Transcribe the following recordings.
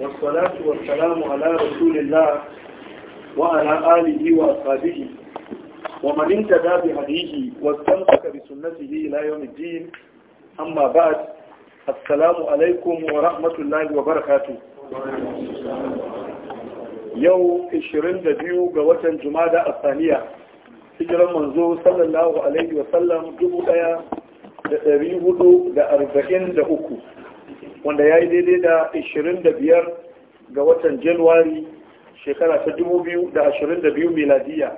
والصلاة والسلام على رسول الله وعلى آله وأصحابه ومن انتدى بهديه واستمسك بسنته إلى يوم الدين أما بعد السلام عليكم ورحمة الله وبركاته yau 22 ga watan jumada a saniya hijiran manzo sallallahu alaihi wasallam 1443 wanda ya yi daidai da 25 ga watan januwari shekara ta 2022 miladiya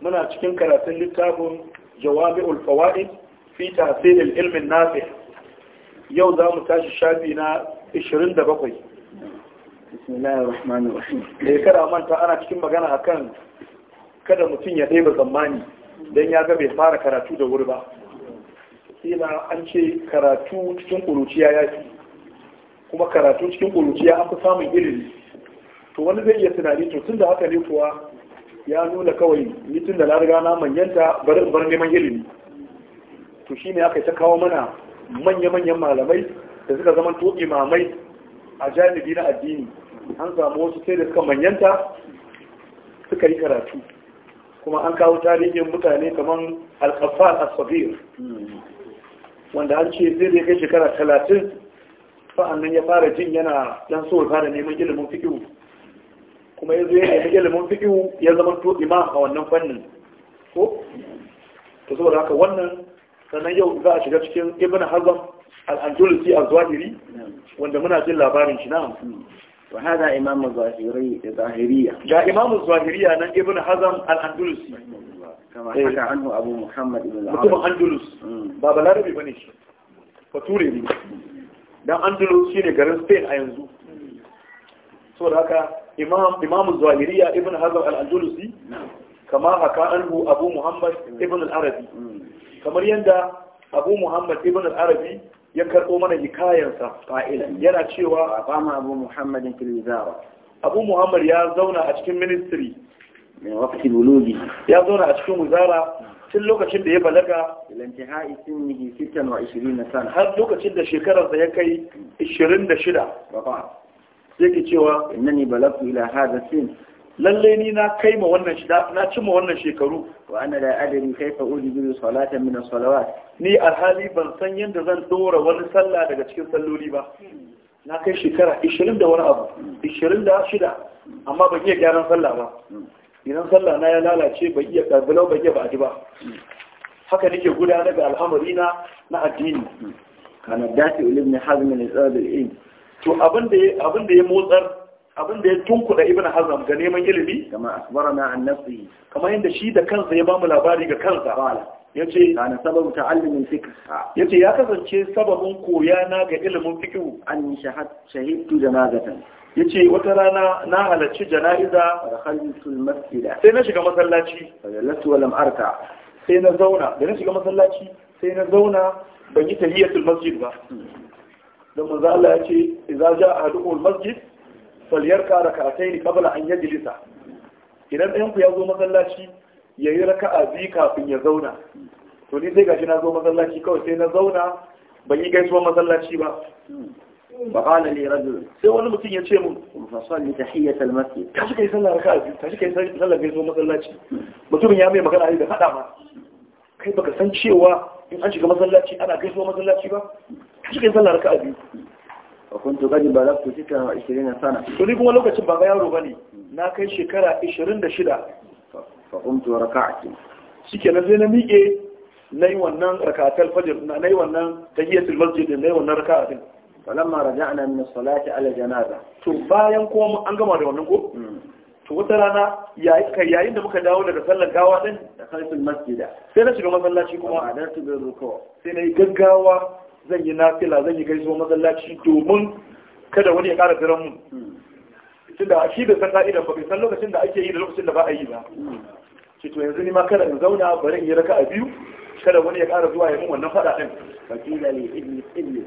muna cikin karatun littafin jawami'ul fawaid fi tasirin ilmin nafi yau za mu tashi shafi na 27 bismillahirrahmanirrahim eh, da manta ana cikin magana akan kada mutum ya ɗaiba tsammani don ya ga bai fara karatu da wuri ba kila an ce karatu cikin ƙuruciya ya fi kuma karatu cikin ƙuruciya an fi samun ilimi to wani zai iya tunani to tun da haka ne kuwa ya nuna kawai ni tun da na riga na manyanta in bar neman ilimi to shine aka ta kawo mana manya-manyan malamai da suka zama to imamai a janibi na addini an samu wasu sai da suka manyanta suka yi karatu kuma an kawo tarihin mutane kamar alkafal asabir wanda an ce zai da kai shekara talatin sa'annan ya fara jin yana ɗan so fara neman ilimin fiqh kuma yazo ya nemi ilimin fiqh ya zama to imam a wannan fannin ko ta saboda haka wannan sannan yau za a shiga cikin ibn hazm al-andalusi a zahiri wanda muna jin labarin shi na'am wa hada imam az-zahiri zahiriya ga imam az-zahiriya nan ibn hazm al-andalusi kama haka anhu abu muhammad ibn al-arab mutum andalus mm. ba balarabi bane shi bature ne dan andalus shine garin spain a yanzu da haka imam imam ibn hazar al-andalusi kama haka anhu abu muhammad ibn al-arabi kamar yanda abu muhammad ibn al-arabi ya karɓo mana hikayarsa fa'ila yana cewa fama abu muhammadin filizara abu muhammad ya zauna a cikin ministry wuludi ya zauna a cikin wuzara tun lokacin da ya balaga har lokacin da shekararsa ya kai 26 baba yake cewa innani balagtu ila hadha sin lalle ni na kai ma wannan shida na cimma wannan shekaru wa ana da adari kaifa ujibu salatan min as-salawat ni alhali ban san yanda zan dora wani sallah daga cikin salloli ba na kai shekara 20 da wani abu 26 amma ban iya gyaran sallah ba hmm. idan sallah na ya lalace bai iya karbilau bai iya ba ji ba haka nake gudanar da al'amari na na addini kana dace ne hazm ne tsada da ilm to abin da abin da ya motsar abin da ya tunkuda ibn hazm ga neman ilimi kama asbarana an nafsi kamar yadda shi da kansa ya bamu labari ga kansa ya ce kana sababu ta'allumin fiqh ya ce ya kasance sababin koya na ga ilimin fiqh an shahidtu jama'atan ya ce wata rana na halarci jana'iza da sai na shiga masallaci sai na zauna da na shiga masallaci sai na zauna ban yi tahiyatul masjid ba don manzo Allah ya ce idza jaa ahadukum masjid falyarka rak'atayn qabla an yajlisa idan ɗayan ku ya zo masallaci yayi raka'a biyu kafin ya zauna to ni sai gashi na zo masallaci kawai sai na zauna ban yi gaisuwar masallaci ba فقال لي رجل Ya لما تيجي تشيمون فصلي تحية المسجد كاشك يسلى ركاز كاشك يسلى جيزو مسلاتي mutumin ya mai magana ne da faɗa ma kai baka san cewa in an shiga masallaci ana gaisuwa masallaci ba ka shiga yin sallar raka'a biyu a kuntu gani ba za ku cika 20 sana to ni kuma lokacin ba ga yaro bane na kai shekara 26 fa kuntu raka'ati shike na sai na miƙe nayi wannan rakatul fajr na nayi wannan tahiyatul masjid nayi wannan raka'a din falamma raja'na min salati ala janaza to bayan ko an gama da wannan ko mm. to wata rana yayin da muka dawo daga sallar gawa din da kalfin masjida sai na shiga masallaci kuma a da tudu ruko sai na yi gaggawa zan yi nafila zan yi gaisuwa masallaci domin kada wani ya ƙara jiran mu mm. tunda shi da san ka'idan ba san lokacin da ake yi da lokacin da ba a yi ba ce mm. to yanzu ni ma kada in zauna bari in yi raka a biyu kada wani ya ƙara zuwa ya mun wannan faɗa din fakila li iblis iblis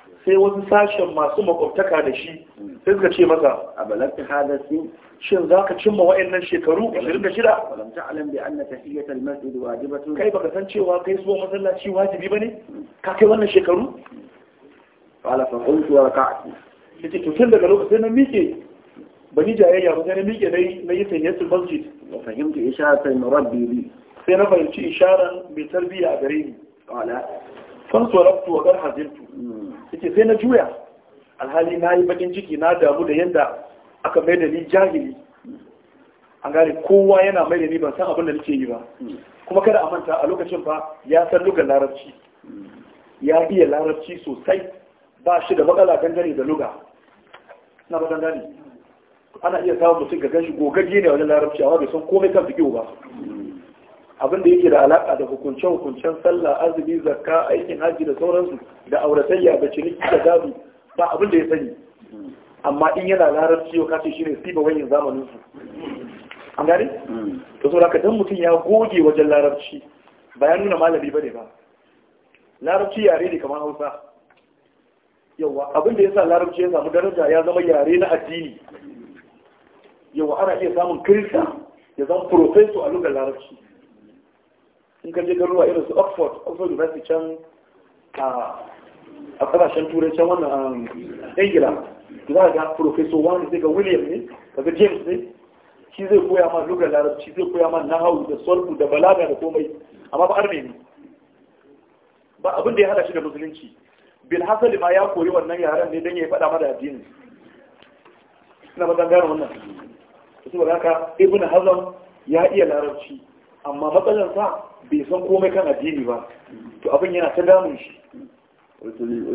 sai wasu sashen masu makwabtaka da shi sai suka ce masa a balagta hadasi shin za ka cimma wa'annan shekaru 26 walam ta'lam bi anna tahiyyat al-masjid wajibatun kai baka san cewa kai so masallaci wajibi ne? ka kai wannan shekaru qala fa qultu wa a yace to tun daga lokacin na mike bani jayayya ba sai na mike na yi tahiyyatul masjid wa fahimtu isharat al-murabbi sai na fahimci isharar mai tarbiyya a gare ni fan sorabtu wa kar haziltu hmm. yake sai na juya alhali na yi bakin ciki na damu da yadda aka mai da ni jahili an gane kowa yana mai da ni ban san abin da nake yi ba hmm. kuma kada a manta a lokacin ba ya san lugar larabci hmm. ya iya larabci sosai ba shi da matsala dangane da luga na ba dangane ana iya samun mutum ga ganshi gogaggi ne wajen larabci a bai san komai kan fikiyo ba abin da yake da alaka da hukunce-hukuncen sallah azumi zakka aikin hajji da sauransu da auratayya da ciniki da gado ba abin da ya sani amma in yana larabci yau kashe shi ne siba wayin zamanin su an gani? ta so da mutum ya goge wajen larabci ba ya nuna malami ne ba larabci yare ne kamar Hausa yawa abin da sa larabci ya samu daraja ya zama yare na addini yawa ana iya samun kirista ya zama profeso a lugar larabci in kan je garuruwa irin su oxford oxford university can a kasashen turai can wannan um, ingila da za ga professor wani zai ga william ne daga james ne shi zai koya ma lugar larabci zai koya ma nahawu da sulhu da balaga da komai amma ba arme ne ba abin da ya hada shi da musulunci bil hasali ma ya kori wannan yaren ne don ya yi faɗa mada addini suna ba gane wannan su ba ka ibn hazan ya iya larabci amma matsalarsa bai san komai kan addini ba to abin yana ta damun shi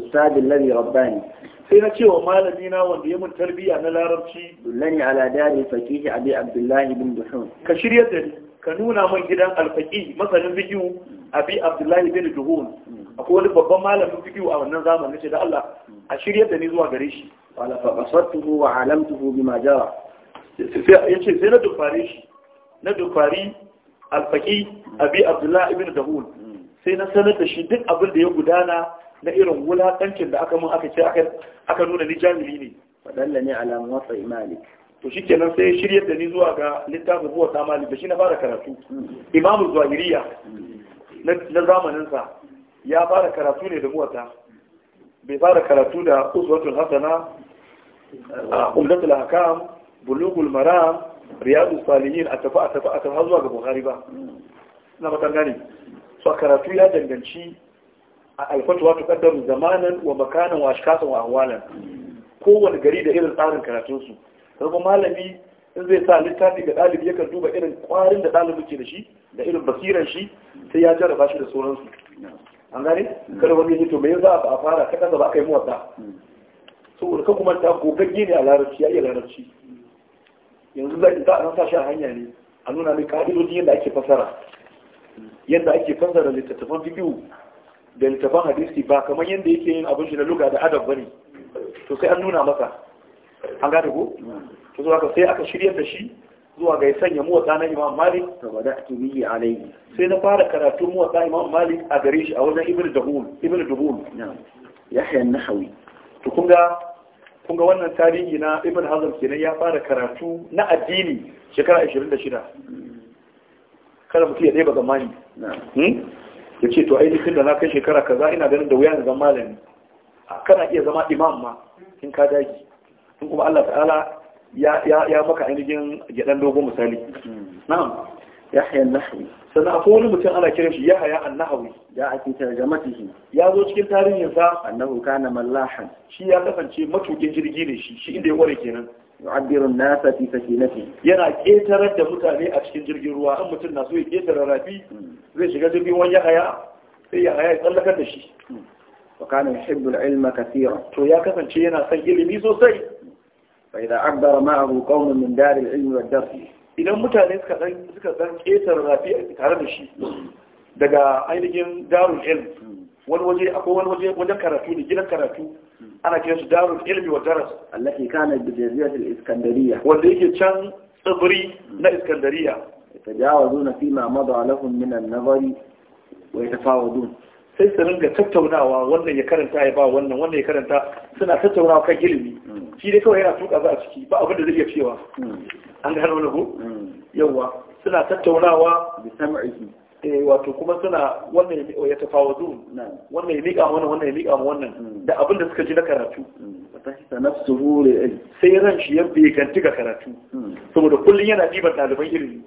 ustadi lari rabbani sai na cewa malami na wanda ya mun tarbiya na larabci dullani ala dari faqihi abi abdullahi bin duhun ka shirya da ka nuna min gidan alfaqi masanin fiqhu abi abdullahi bin duhun akwai wani babban malamin fiqhu a wannan zamanin ce da Allah a shirya da ni zuwa gare shi wala fa qasadtuhu wa alamtuhu bima jara sai ce sai na dubare shi na dubari alfaki abi abdullahi ibn dahul sai na sanar da shi duk abin da ya gudana na irin wulaƙancin da aka mun aka ce aka nuna ni jami'i ne fadalla ne alamun wasa malik to shi kenan sai shiryar da ni zuwa ga littafin buwa ta malik da shi na fara karatu imamu zuwa na zamanin sa ya fara karatu ne da buwata. bai fara karatu da uswatul hasana umdatul hakam bulugul maram riyadu salihin a tafi a tafi a tafi zuwa ga buhari ba na matan gani so karatu ya danganci a alfatuwa ta kaddaru zamanan wa makanan wa shikasan wa ahwalan kowane gari da irin tsarin karatunsu kuma malami in zai sa littafi ga ɗalibi yakan duba irin kwarin da dalibi ke da shi da irin basiran shi sai ya jarraba shi da sauransu an gane kada wani ya to me za a fara ka kasa ba aka yi muwatsa saboda ka kuma ta gogagge ne a larabci ya iya larabci yanzu za a san sashi a hanya ne a nuna mai ka'idodi yadda ake fasara yadda ake fasara littattafan bidiyo da littattafan hadisi ba kamar yadda yake yin abin shi na luga da adab bane to sai an nuna masa an gane ko to zuwa ka sai aka shirya da shi zuwa ga ya sanya muwatsa na imam malik ta bada tumiyi alayhi sai na fara karatu muwatsa imam malik a gare shi a wajen ibnu dahul ibnu dahul yahya an-nahawi to kun ga Kunga wannan tarihi na ibn hazm kenan ya fara karatu na addini shekara 26 kada mutum ya ɗaya ba zamani hmm? ya ce to dukkan da na kai shekara kaza ina ganin da wuya na zama malami kana iya zama imam ma in ka daji in kuma Allah ta'ala ya maka ainihin gyaɗan dogon misali hmm. na'am yahya an-nahwi sannan akwai wani mutum ana kiran shi yahya an-nahwi ya a tarjamatihi ya zo cikin tarihin sa annahu kana mallahan shi ya kasance matukin jirgi ne shi shi inda ya ware kenan yu'abbiru nasa fi sakinati yana ketarar da mutane a cikin jirgin ruwa an mutum na so ya ketara rafi zai shiga jirgin wani yahya sai yahya ya tsallakar da shi wa kana yuhibbu al-ilma kathira to ya kasance yana son ilimi sosai fa idza abbara ma'ahu qaumun min dar al-ilmi wad-darsi idan mutane suka dan suka ƙetar rafi tare da shi daga ainihin darul ilm wani waje akwai wani waje wajen karatu ne gidan karatu ana kiran su, darul ilmi wa daras ke kana bi jaziratil iskandariya wanda yake can tsibiri na iskandariya tajawazuna fima madalahum min an-nazari wa yatafawazun sai su ringa tattaunawa wannan ya karanta ya ba wannan wannan ya karanta suna tattaunawa kan ilimi hmm. shi dai kawai yana tuka za a ciki ba abin da zai iya cewa hmm. an gano wani ku hmm. Yawwa, suna tattaunawa eh, wato kuma suna wannan ya tafawazu wannan ya miƙa wannan wannan ya miƙa wannan da abin da suka ji na karatu sai ran shi ya beganti ga karatu saboda kullum yana ɗiban ɗaliban ilimi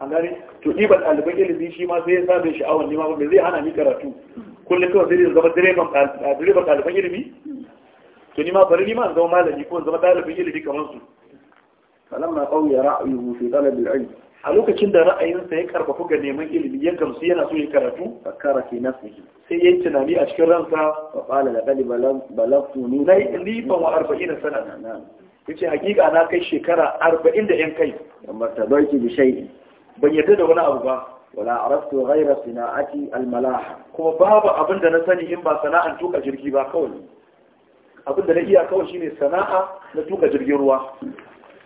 an gane to ɗiban ɗaliban ilimi shi ma sai ya sa mai sha'awar nema ba zai hana ni karatu kullum kawai zai zama direban ɗaliban ilimi to ni ma bari ni ma zama malami ko zama ɗaliban ilimi kamar su falamma qawya ra'ayi fi talab al-ilm a lokacin da ra'ayinsa ya karfafu ga neman ilimi ya gamsu yana so ya karatu fakkara fi nafsihi sai yi tunani a cikin ransa Ba fa qala laqad balagtu ni li fa wa arba'in sana'a. Ya ce hakika na kai shekara arba'in da yan kai amma tabaiki bi shay'in ban yarda da wani abu ba wala araftu ghayra sina'ati almalaha kuma babu abin da na sani in ba sana'an tuka jirgi ba kawai abin da na iya kawai shine sana'a na tuka jirgin ruwa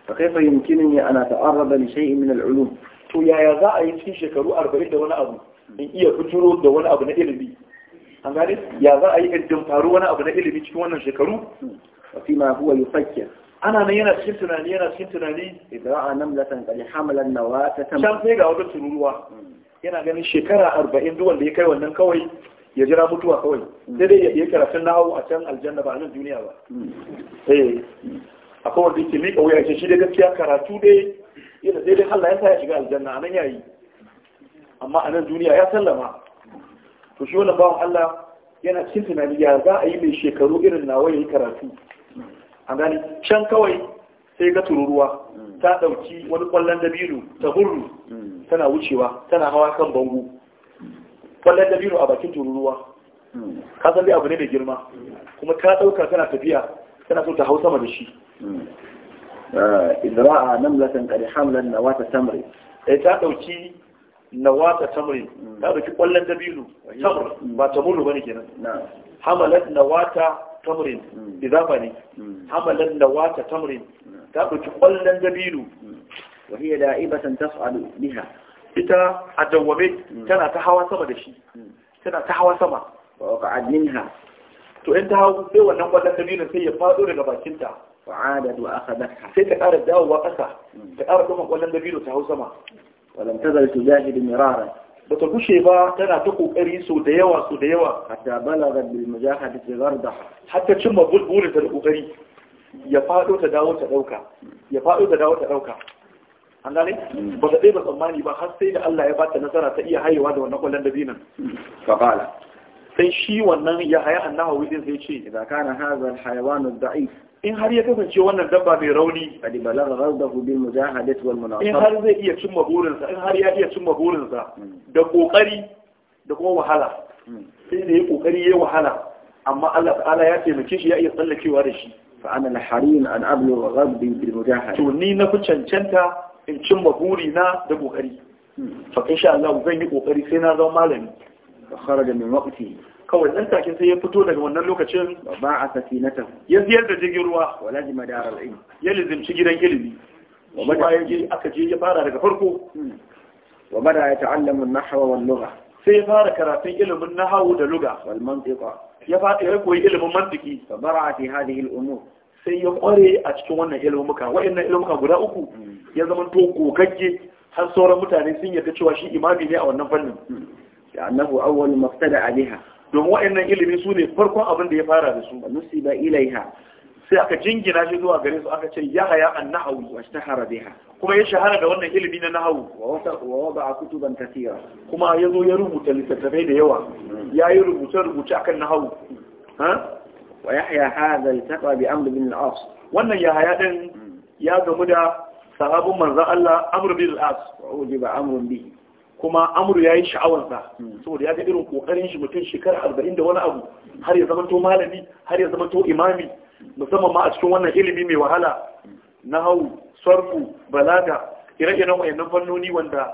fa kaifa yumkinuni ana ata'arrada li shay'in min al'ulum to yaya za a yi cikin shekaru 40 da wani abu in iya fituro da wani abu na ilimi an gane ya za a yi in faru wani abu na ilimi cikin wannan shekaru wa fi ma huwa yufakkir ana nan yana cikin tunani yana cikin tunani idan a nan latan kali hamalan nawa ta tam can sai ga wata tururuwa yana ganin shekara arba'in duk wanda ya kai wannan kawai ya jira mutuwa kawai sai dai ya karatun nawo a can aljanna ba a nan duniya ba hmm. eh akwai wanda yake miƙa wuya ce shi dai gaskiya karatu dai yana dai dai Allah ya sa ya shiga aljanna anan yayi amma a nan duniya ya sallama to shi wannan bawan Allah yana cikin tunani ya za a yi mai shekaru irin nawa ya yi karatu an gani can kawai sai ga tururuwa mm. ta ɗauki wani ƙwallon dabino ta hurru mm. tana wucewa tana hawa kan bangu ƙwallon dabino a bakin tururuwa mm. ka san dai abu ne mai girma kuma ta ɗauka tana tafiya tana so ta hau sama da shi eh, izra'a namlatan qad hamlan nawata tamri eh ta ɗauki nawata tamri ta ɗauki ƙwallon dabino tamr ba tamuru bane kenan hamalat nawata tamrin mm. idafa ne mm. hamalan nawata tamrin mm. ta ɗauki ƙwallon dabino wa hiya da'ibatan tas'alu biha ita a dawwame tana ta hawa sama da shi tana ta hawa sama wa qa'ad minha to in ta hawo sai wannan ƙwallon dabino sai ya faɗo daga bakinta fa'adat wa akhadatha sai ta ƙara dawowa ƙasa ta ƙara ɗuma ƙwallon dabino ta hau sama ولم تزل تجاهد mirara. ba ta gushe ba tana ta kokari sau da yawa sau da yawa hatta balaga bil mujahadati da. hatta cimma bulbulin ta da kokari ya fado ta dawo ta dauka ya fado ta dawo ta dauka an gane ba ta ɗaya ba tsammani ba har sai da Allah ya bata nasara ta iya haihuwa da wannan da dabinan fa qala sai shi wannan ya haya annahu din sai ce idan kana hadha al hayawan da'if in har ya kasance wannan dabba mai rauni a dibala ga ghadahu bil mujahadat wal munasaba in har zai iya cimma burinsa in har ya iya cimma burinsa hmm. da kokari da kuma wahala hmm. sai da ya kokari ya wahala amma Allah ta'ala ya taimake shi ya iya tsallakewa da shi fa ana al-harin an ablu ghadbi bil mujahada to ni na ku cancanta in cimma burina da kokari hmm. fa insha Allah zan yi kokari sai na zama malami fa kharaja min waqti kawai nan take sai ya fito daga wannan lokacin ba a safinatan ya ziyar da jirgin ruwa wala ji madar al'im ya lizimci gidan ilimi wa mada ya je aka je ya fara daga farko hmm. wa mada ya ta'allamu nahwa wal lugha sai ya fara karatun ilimin nahawu da lugha wal mantiqa ya fara ya koyi ilimin mantiki fa bara'a fi hadhihi al umur sai ya kware a cikin wannan ilimuka wa'annan ilimuka guda uku hmm. ya zama to gogagge har sauran mutane sun yarda cewa shi imami ne a wannan fannin da hmm. annahu awwal maftada alaiha domin wa'annan ilimin su ne farkon abin da ya fara da su nusiba ilaiha sai aka jingina shi zuwa gare su aka ce ya haya an nahawu wa shahara biha kuma ya shahara da wannan ilimi na nahawu wa wata wada kutuban kathira kuma ya zo ya rubuta littattafai da yawa hmm. ya yi rubuce rubuce akan nahawu ha wa yahya hadha iltaqa bi amr bin al-as wannan ya haya din hmm. ya gamu da sahabun manzon Allah amr bin al-as wa ujiba amrun bihi kuma amuru ya yi sha'awar sa hmm. saboda ya ga irin kokarin shi mutum shekara arba'in da wani abu har ya zama to malami har ya zama to imami musamman ma a cikin wannan ilimi mai wahala na hau sarku balaga ire-iren wayannan fannoni wanda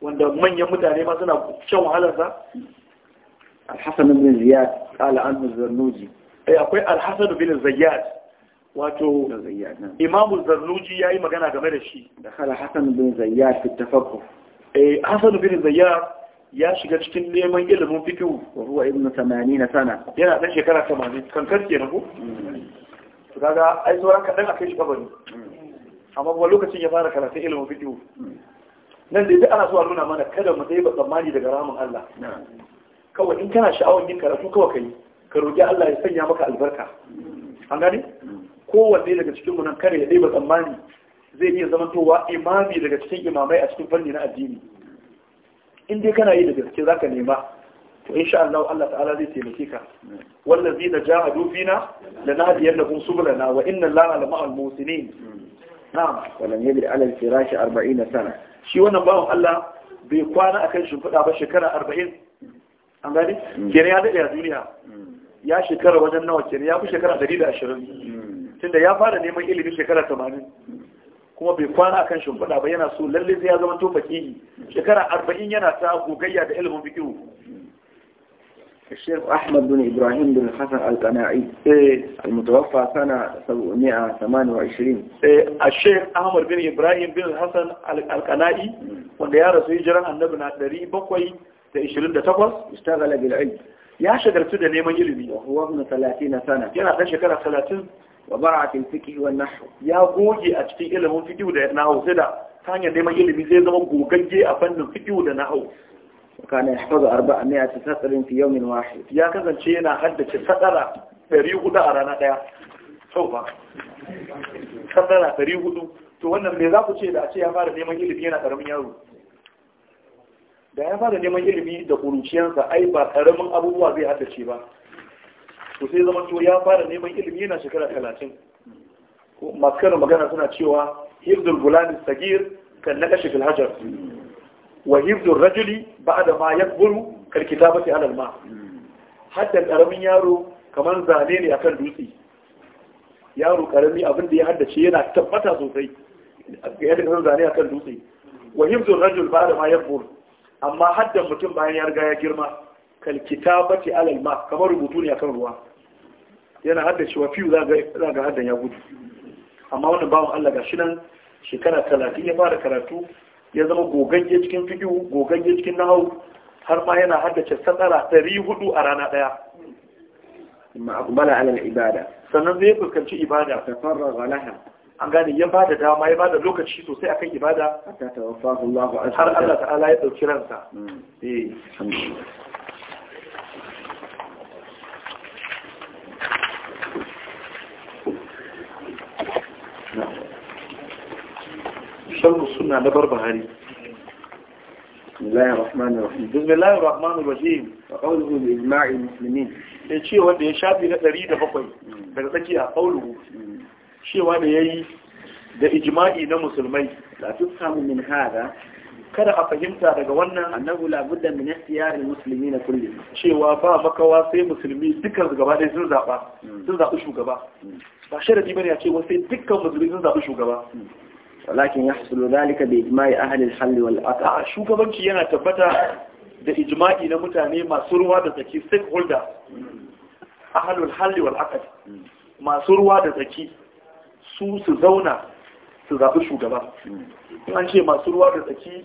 wanda manyan mutane ma suna shan wahalarsa alhassan bin ziyad qala anhu zarnuji ai eh, akwai alhassan bin ziyad wato imamu zarnuji yayi magana game da shi da kala hasan bin ziyad fi tafakkur eh hasan bin zayyar ya shiga cikin neman ilimin fikihu wa huwa ibnu 80 sana yana da shekara 80 kankar ne ko to kaga ai sauran kadan akai shi kabari amma ba lokacin ya fara karatu ilimin fikihu nan da duk ana so a nuna mana kada mu dai ba tsammani daga ramin Allah kawai in kana sha'awar yin karatu kawai kai ka roki Allah ya sanya maka albarka an gane mm. kowanne daga cikin mu nan kare ya dai ba tsammani zai iya zamantowa imami daga cikin imamai a cikin fanni na addini in dai kana yi da gaske zaka nema to insha Allah Allah ta'ala zai taimake ka wallazi da jahadu fina lanahdiyannakum subulana wa inna Allaha la ma'al muhsinin na'am walam yabid 'ala al-firash 40 sana shi wannan bawon Allah bai kwana akan shimfiɗa ba shekara 40 an gani hmm. kenan ya dade a duniya hmm. ya shekara wajen nawa kenan ya fi shekara 120 hmm. tunda ya fara neman ilimi shekara 80 kuma bai kwana akan shimfiɗa ba yana so lalle sai ya zama to fakihi shekara arba'in yana ta gogayya da ilimin fikihu الشيخ أحمد بن إبراهيم بن الحسن القناعي المتوفى سنة 728 الشيخ أحمد بن إبراهيم بن الحسن القناعي wanda ya rasu hijiran annabi na 728 istaghala bil ilm ya shagartu da neman ilimi wa huwa ibn 30 sana yana dan shekara 30 wa bara fil wa ya goge a cikin ilimin fiqh da nahw sai da ta hanyar neman ilimi zai zama gogagge a fannin fiqh da nahw kana yahfazu arba'a mi'ati satrin fi yawmin wahid ya kasance yana haddace sadara 400 a rana daya sau ba sadara 400 to wannan me za ku ce da a ce ya fara neman ilimi yana karamin yaro da ya fara neman ilimi da kuruciyansa ai ba karamin abubuwa zai haddace ba to sai zama to ya fara neman ilimi yana shekara talatin masu karin magana suna cewa hibdul gulani sagir kan na kashe filhajar wa hibdul rajuli ba da ma ya buru karkita ba sai alal ma haddan karamin yaro kamar zane ne akan dutse yaro karami abin da ya haddace yana tabbata sosai ga yadda kasar zane akan dutse wa hibdul rajul ba da ma ya buru amma haddan mutum bayan ya riga ya girma kalkitabati alal ma kamar rubutu ne akan ruwa yana shi wa fiyu za ga hadda ya gudu amma wannan bawan Allah ga shi nan shekara talatin ya fara karatu ya zama gogagge cikin fiƙi gogagge cikin nahau har ma yana haddace sanara ɗari hudu a rana ɗaya abu mala alal ibada sannan zai fuskanci ibada ta fara laha an gane ya bada dama ya bada lokaci sosai akan ibada har Allah ta'ala ya dauki ransa mm. eh sharhu suna na barbahari بسم الله الرحمن الرحيم بسم الله الرحمن الرحيم بإجماع المسلمين ya وانا يشابه na ɗari da bakwai daga tsakiya ƙauluhu cewa da ya yi da ijma'i na musulmai la min hada kada a fahimta daga wannan annahu la budda min ikhtiyari muslimi na cewa ba makawa sai musulmi dukkan gaba ɗaya sun zaɓa sun shugaba ba sharadi bane ya ce sai dukkan musulmi sun zaɓi shugaba walakin yahsulu dhalika bi ijma'i ahli al-hal wal aqd shugabanci yana tabbata da ijma'i na mutane masu ruwa da tsaki stakeholder ahli al-hal wal aqd masu ruwa da tsaki su su zauna su zaɓi shugaba an ce masu ruwa da tsaki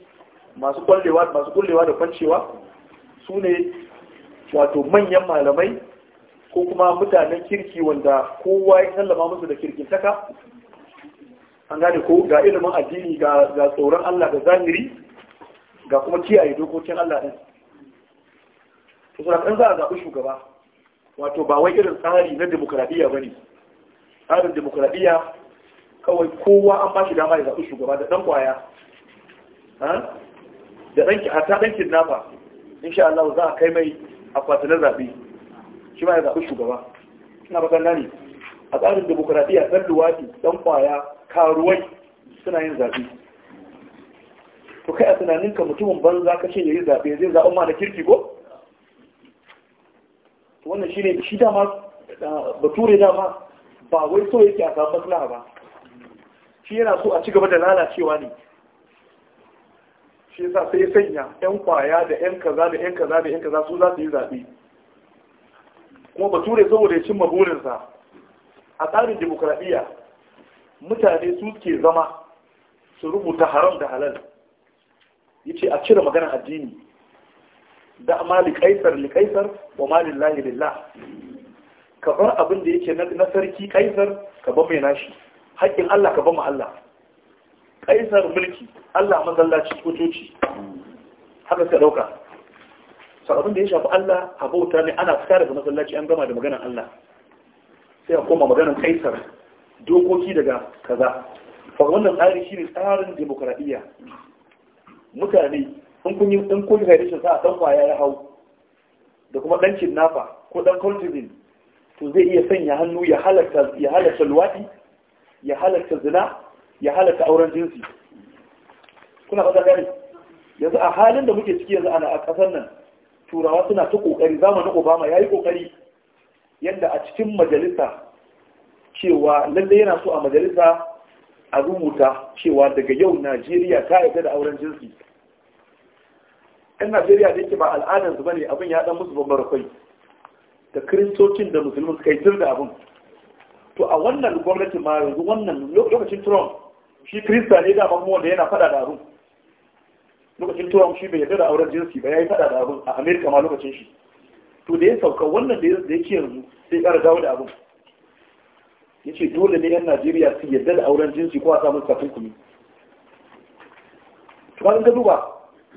masu kullewa da kwancewa su ne wato manyan malamai ko kuma mutanen kirki wanda kowa ya sallama musu da kirkin taka an gane ko ga ilimin addini ga tsoron Allah da zahiri ga kuma kiyaye dokokin Allah ɗin to sai an za a zaɓi shugaba wato ba wai irin tsari na demokradiyya bane tsarin demokradiyya kawai kowa an ba shi dama ya zaɓi shugaba da ɗan kwaya da ɗanki a ta ɗankin nafa insha Allah za a kai mai akwati na zaɓe shi ma ya zaɓi shugaba ina ba kan gane a tsarin demokradiyya ɗan luwaɗi ɗan kwaya karuwai suna yin zaɓe to kai a ka mutumin ban za ka ce ya yi zaɓe zai zaɓen ma na kirki ko wannan shi ne shi dama bature dama ba wai so yake a samu maslaha ba shi yana so a ci gaba da lalacewa ne shi yasa sai sanya yan kwaya da yan kaza da yan kaza da yan kaza su za su yi zaɓe kuma bature saboda ya cimma burinsa a tsarin dimokuraɗiyya mutane su ke zama su rubuta haram da halal ya ce a cire maganar addini da ma liƙaisar liƙaisar wa malin lahi lillah ka bar abin da yake na sarki kaisar ka bar mai nashi haƙƙin Allah ka bar mu Allah kaisar mulki Allah masallaci kotoci haka ka ɗauka. sa abin da ya shafi Allah a bauta ne ana fita daga masallaci an gama da maganar Allah sai a koma maganar kaisar dokoki daga kaza fa wannan tsari shine tsarin demokradiyya mutane in kun yi in kun ga rashin sa dan kwaya ya hau da kuma dan kidnapper ko dan cultivin to zai iya sanya hannu ya halatta ya halatta luwadi ya halatta zina ya halatta auren jinsi kuna fata gani yanzu a halin da muke ciki yanzu ana a kasar nan turawa suna ta kokari zamanin obama ya yi kokari yadda a cikin majalisa cewa lalle yana so a majalisa a rubuta cewa daga yau najeriya ta yarda da auren jinsi yan najeriya da yake ba al'adarsu ba ne abin ya dan musu babbar kwai da kiristocin da musulmi suka yi da abin to a wannan gwamnati ma yanzu wannan lokacin trump shi kirista ne da kuma wanda yana fada da abin lokacin trump shi bai yarda da auren jinsi ba ya yi fada da abin a amerika ma lokacin shi to da ya sauka wannan da ya ce yanzu sai ya kara dawo da abin yace dole ne 'yan najeriya su yadda da auren jinsi ko a samu takunkumi kuma in ka duba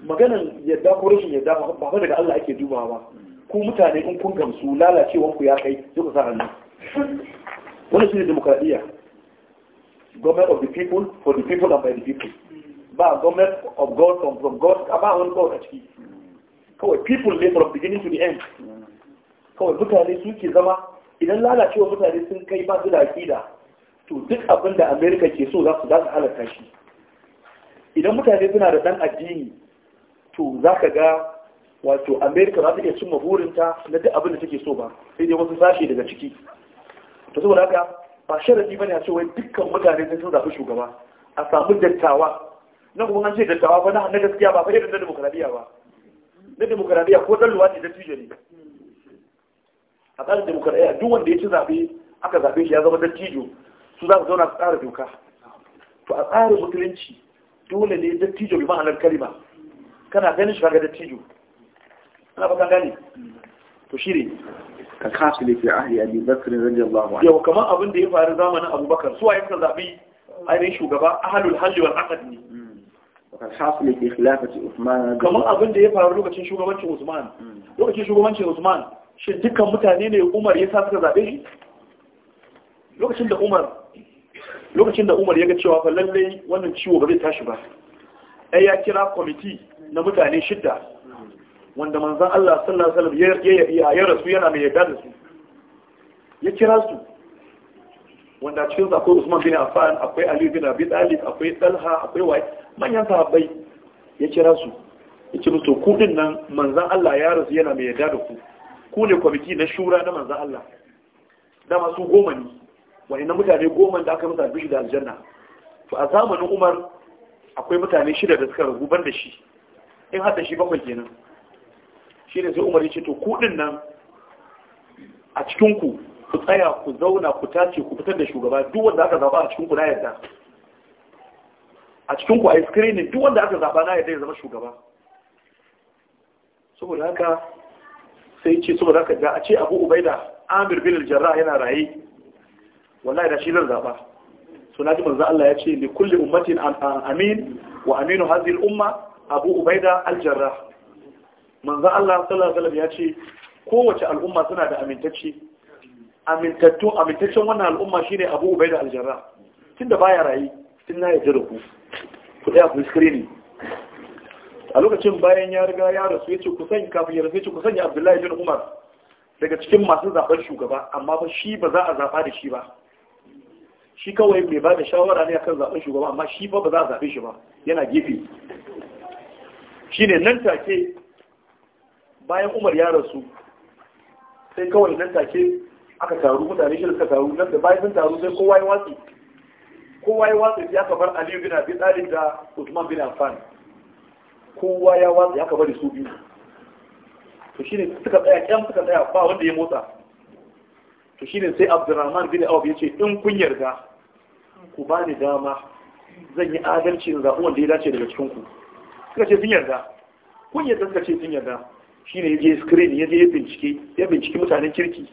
maganan yadda ko rashin yadda ba ba daga Allah ake dubawa ba ku mutane in kun gamsu lalacewar ku ya kai duka sa hannu wannan shine demokradiya government of the people for the people and by the people ba government of God from, from God ba wani God a ciki kawai people ne from beginning to the end kawai mutane su ke zama idan lalacewa mutane sun kai ba su da aƙida to duk abin da amerika ke so za su za su halatta shi idan mutane suna da ɗan addini to za ka ga wato amerika za ta iya cimma burinta na duk abin da take so ba sai dai wasu sashe daga ciki to saboda haka ba sharadi bane a ce wai dukkan mutane sun zaɓi shugaba a samu dattawa na kuma an ce dattawa ba na gaskiya ba fa irin na demokradiyya ba na demokradiyya ko ɗan ce da tijani a tsarin demokaradiyya duk wanda ya ci zaɓe aka zaɓe shi ya zama dattijo su za su zauna su tsara doka to a tsarin musulunci dole ne dattijo bi ma'anar kalima kana ganin shi kaga dattijo ana ba gane to shi ne ka kafi ne fi ahli abi bakr radiyallahu anhu yau kamar abin da ya faru zamanin abubakar su waye suka zaɓi ainihin shugaba a halli wal aqd ne hmm. kan hasu fi khilafati usman kamar abin da ya faru lokacin shugabancin usman hmm. lokacin shugabancin usman shi dukkan mutane ne umar ya sa suka zaɓe shi lokacin da umar lokacin da umar ya ga cewa fa lallai wannan ciwo ba zai tashi ba ai ya kira kwamiti na mutane shidda wanda manzan Allah sallallahu alaihi wasallam ya rasu yana mai yarda da su ya kira su wanda cikin su akwai Usman bin Affan akwai Ali bin Abi Talib akwai Talha akwai wai manyan sahabbai ya kira su ya ce musu ku nan manzan Allah ya rasu yana mai yarda da ku ku ne kwamiti na shura na manzan Allah dama su goma ne wani na mutane goma da aka masa bishi da aljanna to a zamanin umar akwai mutane shida da suka ragu ban da shi in haɗa shi bakwai kenan shi ne sai umar ya ce to kuɗin nan a cikinku ku tsaya ku zauna ku tace ku fitar da shugaba duk wanda aka zaba a cikinku na yarda a cikinku a screening duk wanda aka zaba na yarda ya zama shugaba saboda haka sai ce saboda haka da a ce abu ubaida amir bin Aljarra yana raye wallahi da shi zan zaba so na ji manzo Allah ya ce li kulli ummatin amin wa aminu hadhihi umma abu ubaida al-jarrah manzo Allah sallallahu alaihi wasallam ya ce kowace al'umma suna da amintacci amintattu amintaccen wannan al'umma shine abu ubaida al-jarrah tunda baya rayi tun na yarda da ku ku tsaya ku screening a lokacin bayan ya riga ya rasu ya ce ku sanya kafin ya rasu ya ce ku sanya abdullahi bin umar daga cikin masu zaɓen shugaba amma ba shi ba za a zaɓa da shi ba shi kawai mai ba da shawara ne akan zaɓen shugaba amma shi ba ba za a zaɓe shi ba yana gefe Shi ne nan take bayan umar ya rasu sai kawai nan take aka taru mutane shi suka taru nan da bayan sun taru sai kowa ya watsi kowa ya watsi ya kabar aliyu bin abi talib da usman bin affan kowa ya watsa ya bari su biyu to shine suka tsaya kyan suka tsaya ba wanda ya motsa to shine sai abdurrahman bin awab ya ce in kun yarda ku ba ni dama zan yi adalci in zaɓi wanda ya dace daga cikin ku suka ce sun yarda kun yarda suka ce sun yarda shine ya je screen ya je ya bincike ya bincike mutanen kirki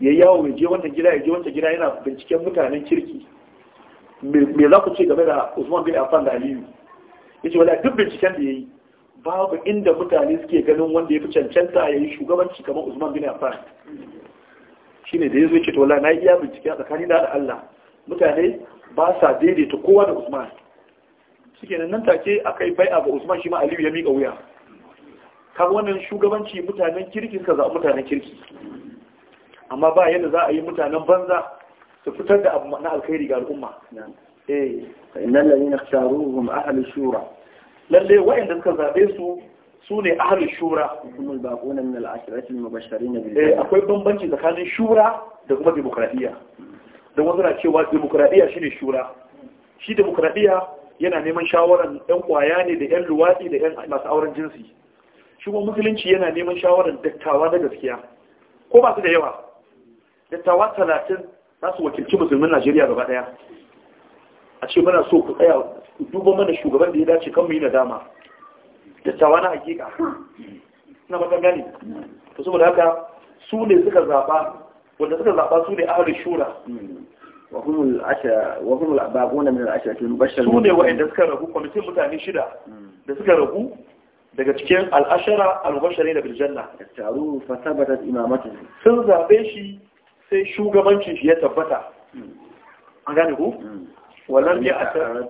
ya yawo ya je wannan gida ya je wancan gida yana binciken mutanen kirki me za ku ce game da Usman bin Affan da Aliyu yace wala duk binciken da yayi babu inda mutane suke ganin wanda ya fi cancanta ya yi shugabanci kamar Usman bin Affan shine da yazo yace to wala na iya bincike a tsakanin da Allah mutane ba sa daidaita kowa da Usman suke nan take akai bai ga Usman shi ma Aliyu ya mika wuya kan wannan shugabanci mutanen kirki suka zaɓi mutanen kirki amma ba yadda za a yi mutanen banza su fitar da abu na alkhairi ga al'umma eh innal ladina shura lalle wa'anda suka zabe su su ne ahalin shura eh akwai bambanci tsakanin shura da kuma demokradiya don wasu na cewa demokradiya shine shura shi demokradiya yana neman shawaran yan kwaya ne da yan luwadi da yan masu auren jinsi shi kuma musulunci yana neman shawaran dattawa na gaskiya ko ba su da yawa dattawa talatin za su wakilci musulmin Najeriya gaba daya a ce mana so ku tsaya duba mana shugaban da ya dace kan mu yi nadama dattawa na hakika na matan gani to saboda haka su ne suka zaba wanda suka zaba su ne ahli shura wa humul asha wa humul baquna min al-asha al-mubashshar su ne wa'inda suka ragu kwamitin mutane shida da suka ragu daga cikin al'ashara al da bil janna taru fa thabatat imamatu sun zabe shi sai shugabancin shi ya tabbata an gane ku hmm. ولم يأتر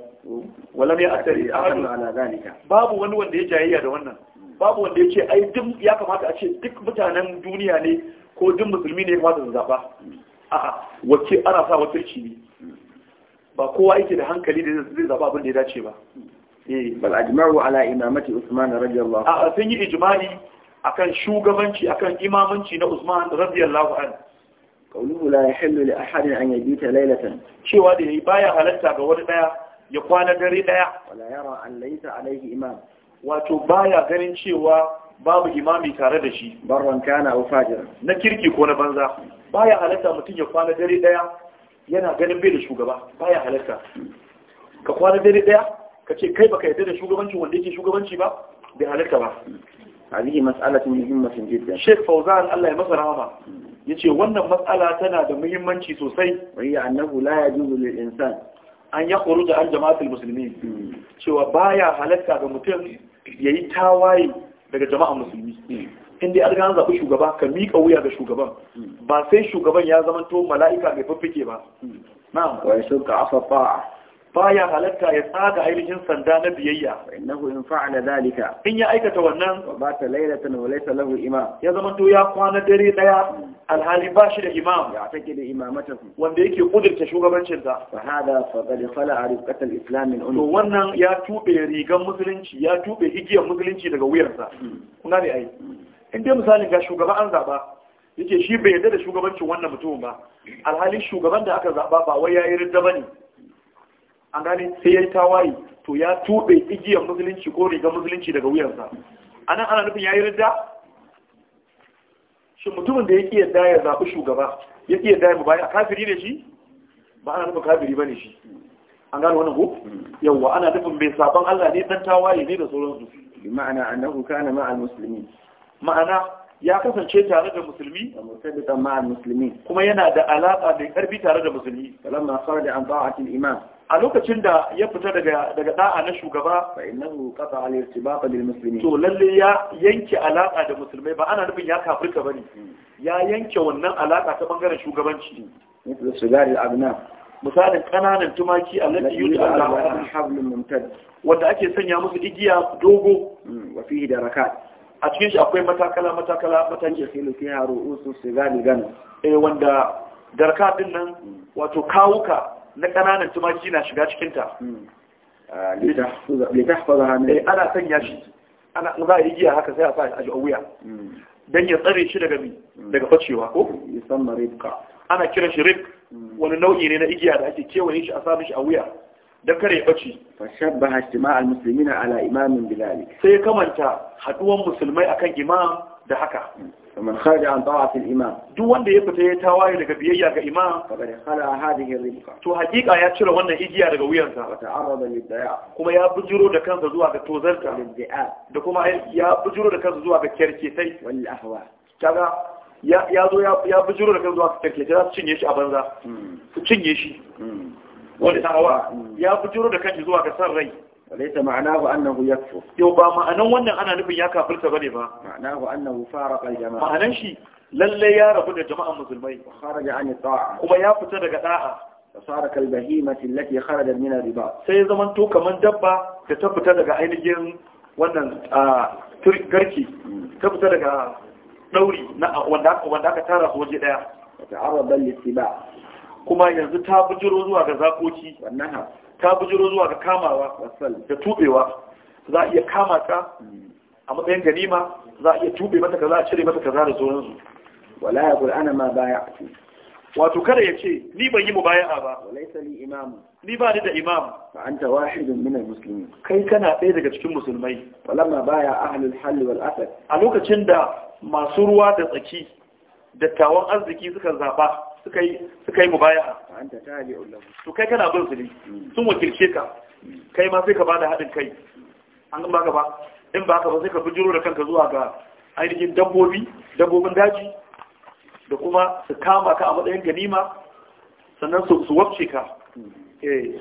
ولم يأتر أحد على ذلك باب wani wanda ya jayayya da wannan babu wanda ya ce ai duk ya kamata a ce duk mutanen duniya ne ko duk musulmi ne ya kamata su zaba a'a wacce ana sa wakilci ne ba kowa yake da hankali da zai zaba abin da ya dace ba eh bal ajma'u ala imamati usman radiyallahu a sun yi ijma'i akan shugabanci akan imamanci na usman radiyallahu anhu qawluhu la yahillu li ahadin an ta laylatan cewa da yayi baya halatta ga wani daya ya kwana dare daya wala yara an laysa alaihi imam wato baya ganin cewa babu imami tare da shi barran kana aw fajira na kirki ko na banza baya halatta mutum ya kwana dare daya yana ganin bai da shugaba baya halatta ka kwana dare daya ka ce kai baka yarda da shugabanci wanda yake shugabanci ba bai halatta ba هذه مسألة مهمة جدا شيخ فوزان الله يمسر هذا yace wannan matsala tana da muhimmanci sosai wai annahu la yajuzu lil insan an ya da an jama'atul muslimin hmm. cewa baya halatta ga mutum yayi tawaye daga jama'an musulmi hmm. inda an ga zaɓi shugaba ka miƙa wuya ga shugaban hmm. ba sai shugaban ya zama to mala'ika mai faffike ba na'am wa yashka afafa baya halatta ya tsaga ainihin sanda na biyayya innahu in fa'ala zalika in ya aikata wannan wa bata laylatan wa laysa lahu imam ya zama to ya kwana dare daya alhali ba shi da imam ya take da imamata wanda yake kudurta shugabancin sa fa hada fa qad khala riqat al-islam to wannan ya tube rigan musulunci ya tube igiyar musulunci daga wuyarsa kuna ne ai in dai misalin ga shugaba an zaba yake shi bai yarda da shugabancin wannan mutum ba alhali shugaban da aka zaba ba wai ya yi ridda bane an gane sai ya yi tawaye to ya tuɓe igiyar musulunci ko rigar musulunci daga wuyansa a nan ana nufin ya yi rida shi mutumin da ya ƙi yadda ya zaɓi shugaba ya ƙi yadda ya mu baya kafiri ne shi ba ana nufin kafiri ba ne shi an gane wani ko yawwa ana nufin mai sabon Allah ne dan tawaye ne da sauransu ma'ana annahu kana ma'al muslimin ma'ana ya kasance tare da musulmi musaddiqan al muslimin kuma yana da alaka mai karbi tare da musulmi fara da an ta'ati al-imam a lokacin da ya fita daga da'a na shugaba to lalle ya yanke alaka da musulmai ba ana nufin ya kafirka bane hmm. ya yanke wannan alaka ta bangaren shugabanci misalin kananan tumaki allati yud'a ala hablum wanda ake sanya musu igiya dogo hmm, wa da darakat a cikin shi akwai matakala matakala mataki sai fiha ru'usu sigar al-gana eh wanda darka din nan hmm. wato kawuka na ƙananan tumaki na shiga cikinta hmm. ah, eh, ana sanya shi ana za a yi giya haka sai a sa a wuya hmm. don ya tsare shi daga hmm. daga facewa ko ribka ana kiran shi rib wani nau'i ne na igiya da ake kewaye shi a sami shi a wuya don kare ya bace fashabba hashtima al-muslimina ala imamin bilali sai kamanta haduwan musulmai akan imam da haka ومن خرج عن طاعة الإمام دو وند يفتا يتاواي لك بيئيا كإمام فقد خلع هذه الربقة تو حقيقة يتشل وانا إجيا لك ويانسا وتعرض للضياع كما يبجرو لكان زوا كتوزلتا للدعاء دو كما يبجرو لكان زوا كتركيتي والأهواء كذا ya zo ya bujiro da kan zuwa karkece za su cinye shi a banza su cinye shi wanda ta hawa ya bujiro da kan zuwa ga san rai falaita ma'anahu annahu yakfur yau ba ma'anan wannan ana nufin ya kafirta bane ba ma'anahu annahu faraqa al-jama'a ma'anan shi lallai ya rabu da jama'an musulmai wa kharaja an ta'a kuma ya fita daga da'a fasara kal bahimati allati kharaja min ar-riba sai zaman to kaman dabba da ta fita daga ainihin wannan garki mm. ta fita daga dauri na wanda wanda aka tara su waje daya ta'arrada lis-siba kuma yanzu ta bujiro zuwa ga zakoki wannan ka bujiro zuwa ga kamawa da tubewa za a iya kama ka a matsayin ganima za a iya tube mata kaza a cire mata kaza da sauransu wala ya kula ana ma baya wato kada ya ce ni ban yi mu baya'a ba ni ba ni da imam fa anta wahidun min almuslimin kai kana ɗaya daga cikin musulmai ma baya ahlul hal wal asad a lokacin da masu ruwa da tsaki da dattawan arziki suka zaba suka yi mubaya yi kai kana bin su ne sun wakilce ka kai ma sai ka bada haɗin kai an ba ka ba in ba ka ba sai ka bijiro da kanka zuwa ga ainihin dabbobi dabbobin daji da kuma su kama ka a matsayin ganima sannan su wabce ka hmm. eh.